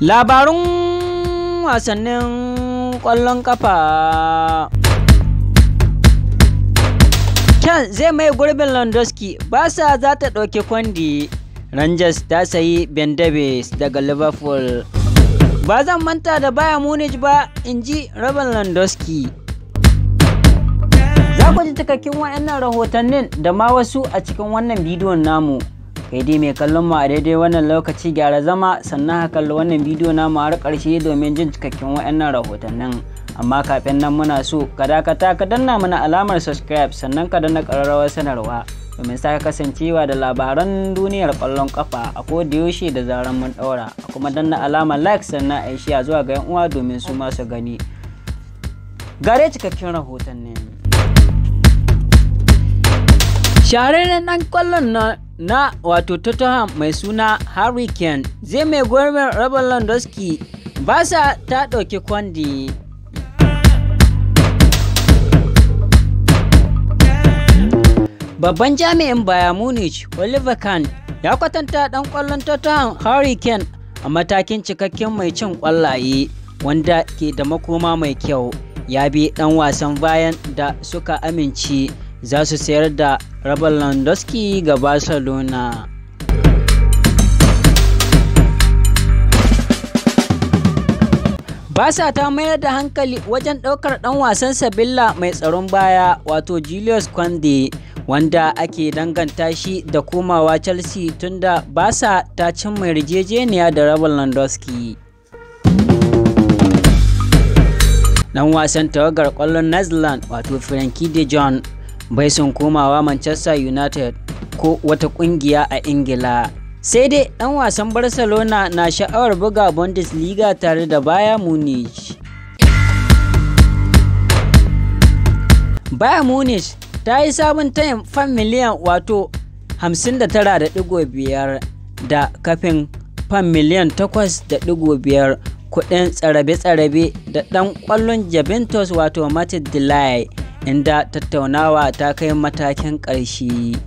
labarun wasannin ƙwallon kafa kyan zai mai gurbin landowski basa za ta ɗauki kwandi rangers ta sayi ben davis daga liverpool ba zan manta da baya munich ba in ji rabin landowski za ku ji takakkin waɗannan rahotannin da ma wasu a cikin wannan bidiyon namu kai mai kallon mu a daidai wannan lokaci gyara zama sannan ka kalli wannan bidiyo na mu har karshe domin jin cikakken wayannan rahotannin amma kafin nan muna so ka dakata ka danna mana alamar subscribe sannan ka danna ƙararrawar sanarwa domin sake kasancewa da labaran duniyar ƙwallon kafa a yaushe da zaran mun ɗaura a kuma danna alamar like sannan a yi zuwa ga 'yan uwa domin su masu gani gare cikakken rahotannin shahararren ɗan kwallon na na wato Tottenham mai suna Harry Kane zai mai gurbin Robert Lewandowski sa ta ɗauki kwandi. Babban jami'in Bayern Munich Oliver Kahn ya kwatanta ɗan ƙwallon Tottenham Harry Kane a matakin cikakken mai cin kwallaye wanda ke da makoma mai kyau ya bi ɗan wasan bayan da suka amince. za su sayar da rabar Lewandowski ga Barcelona. Basa ta mayar da hankali wajen ɗaukar ɗan wasan Sabilla mai tsaron baya wato Julius Kwande wanda ake danganta shi da komawa Chelsea tunda Basa ta cimma yarjejeniya da Rabal Landowski. Ɗan wasan tawagar kwallon Netherlands wato Frankie de Jong bai sun komawa manchester united ko wata kungiya a ingila sai dai ɗan wasan barcelona na sha'awar buga bundesliga tare da bayern munich bayern munich ta yi sabon tayin fan miliyan wato 59.5 da kafin fan miliyan 8.5 kuɗin tsarabe-tsarabe da ɗan ƙwallon Juventus wato Matic Delay inda tattaunawa ta kai matakin ƙarshe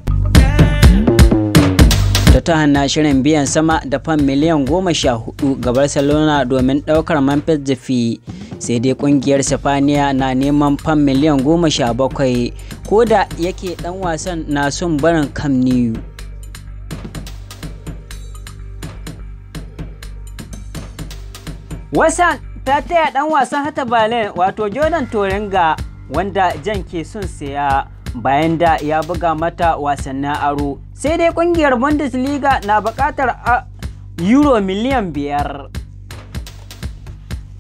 Ta ta shirin biyan sama da fan miliyan goma sha hudu ga barcelona domin ɗaukar memphis jifi sai dai ƙungiyar sifaniya na neman fan miliyan goma sha bakwai ko da yake dan wasan na son barin kam new wasan ta taya dan wasan hata berlin wato jordan toringa wanda jan ke son saya bayan da ya buga mata wasannin aro sai dai kungiyar bundesliga na bukatar euro miliyan biyar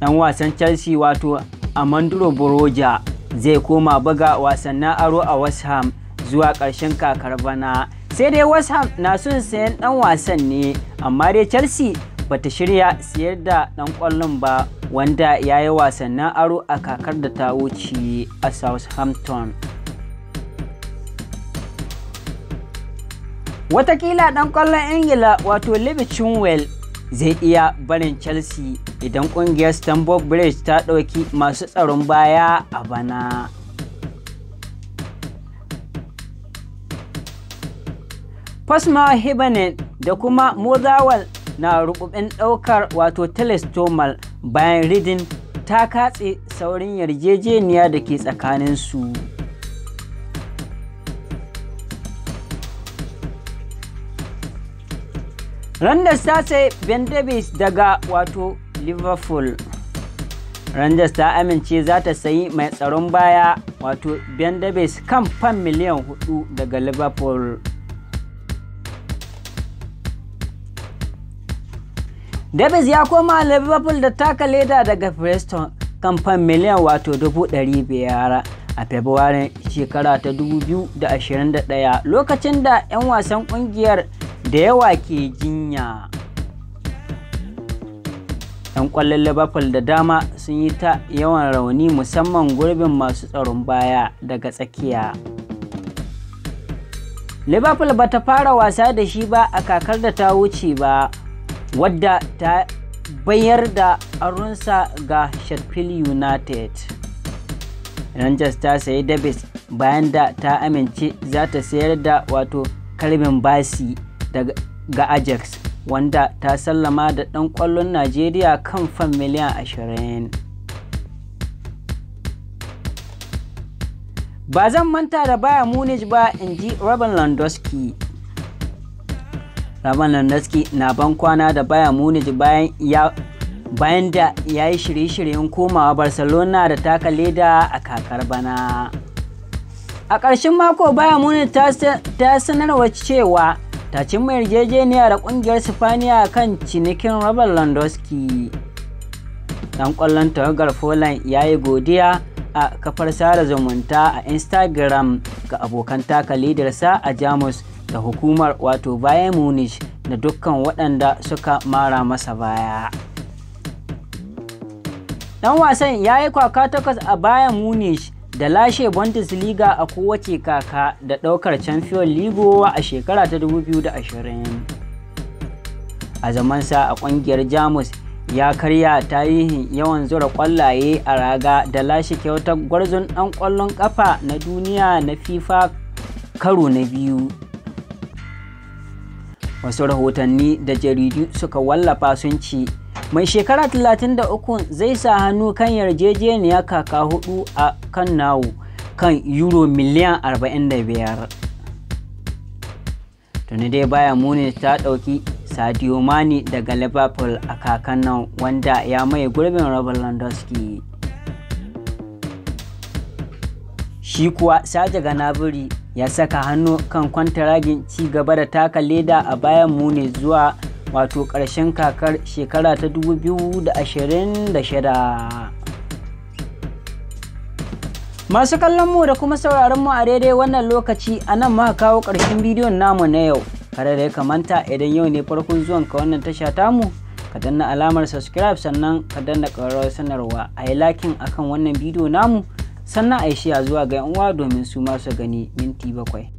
dan wasan chelsea wato amanduro broja zai koma buga wasannin aro a west ham zuwa ƙarshen kakar bana sai dai west ham na son sayan dan wasan ne amma dai chelsea bata shirya siyar da ɗan ƙwallon ba wanda ya yi wasannin aro a kakar da ta wuce a southampton watakila ɗan ƙwallon ingila wato libby chinwell zai iya barin chelsea idan ƙungiyar stamford bridge ta ɗauki masu tsaron baya a bana Fasma Hibanen da kuma Mozawal na rububin ɗaukar wato telestomal bayan reading ta katse saurin yarjejeniya da ke tsakanin su. Rangers ta sai Ben Davis daga wato Liverpool. Rangers ta amince za ta sayi mai tsaron baya wato Ben Davis kan fan miliyan hudu daga Liverpool. Davis ya koma Liverpool da taka leda daga Preston kamfan miliyan wato 500 a Februarin shekara ta 2021 lokacin da 'yan wasan kungiyar da yawa ke jinya. 'Yan kwallon Liverpool da dama sun yi ta yawan rauni musamman gurbin masu tsaron baya daga tsakiya. Liverpool ba ta fara wasa da shi ba a kakar da ta wuce ba. wadda ta bayar da arunsa ga Sheffield United. Rangers ta sayi Davis bayan da ta amince za ta sayar da wato kalbin basi ga Ajax wanda ta sallama da ɗan ƙwallon Najeriya kan fan miliyan 20. Ba zan manta da baya Munich ba in ji Robin Landowski. Raban Landowski na ban kwana da Bayern Munich bayan da ya yi shirye-shiryen komawa Barcelona da taka leda a kakar bana. A ƙarshen mako Bayern Munich ta sanarwa cewa ta cimma yarjejeniya da ƙungiyar Sifaniya kan cinikin Raban Landowski. Dan ƙwallon tawagar Poland ya yi godiya a kafar sada zumunta a Instagram ga abokan taka ledarsa a Jamus da hukumar wato bayan munich da dukkan waɗanda suka mara masa baya dan wasan ya yi kwaka takwas a bayan munich da lashe bundesliga a kowace kaka da ɗaukar champion league a shekara ta 2020 a zamansa a ƙungiyar jamus ya karya tarihin yawan zura kwallaye a raga da lashe kyautar gwarzon ɗan ƙwallon ƙafa na duniya na fifa karo na biyu wasu rahotanni da jaridu suka wallafa sun ce mai shekara 33 zai sa hannu kan yarjejeniya kaka hudu a kan nawo kan euro miliyan 45 tuni dai baya muni ta ɗauki sadio mani daga liverpool a kakan nan wanda ya mai gurbin robert landowski shi kuwa na biri. ya saka hannu kan kwantaragin ci gaba da taka leda a bayan mu ne zuwa wato ƙarshen kakar shekara ta 2026 masu kallon mu da kuma sauraron mu a daidai wannan lokaci a nan muka kawo ƙarshen bidiyon namu na yau kare da ya kamanta idan yau ne farkon zuwan ka wannan tasha tamu ka danna alamar subscribe sannan ka danna ƙararrawar sanarwa a yi lakin akan wannan bidiyo namu sannan a zuwa ga 'yan uwa domin su masu gani minti bakwai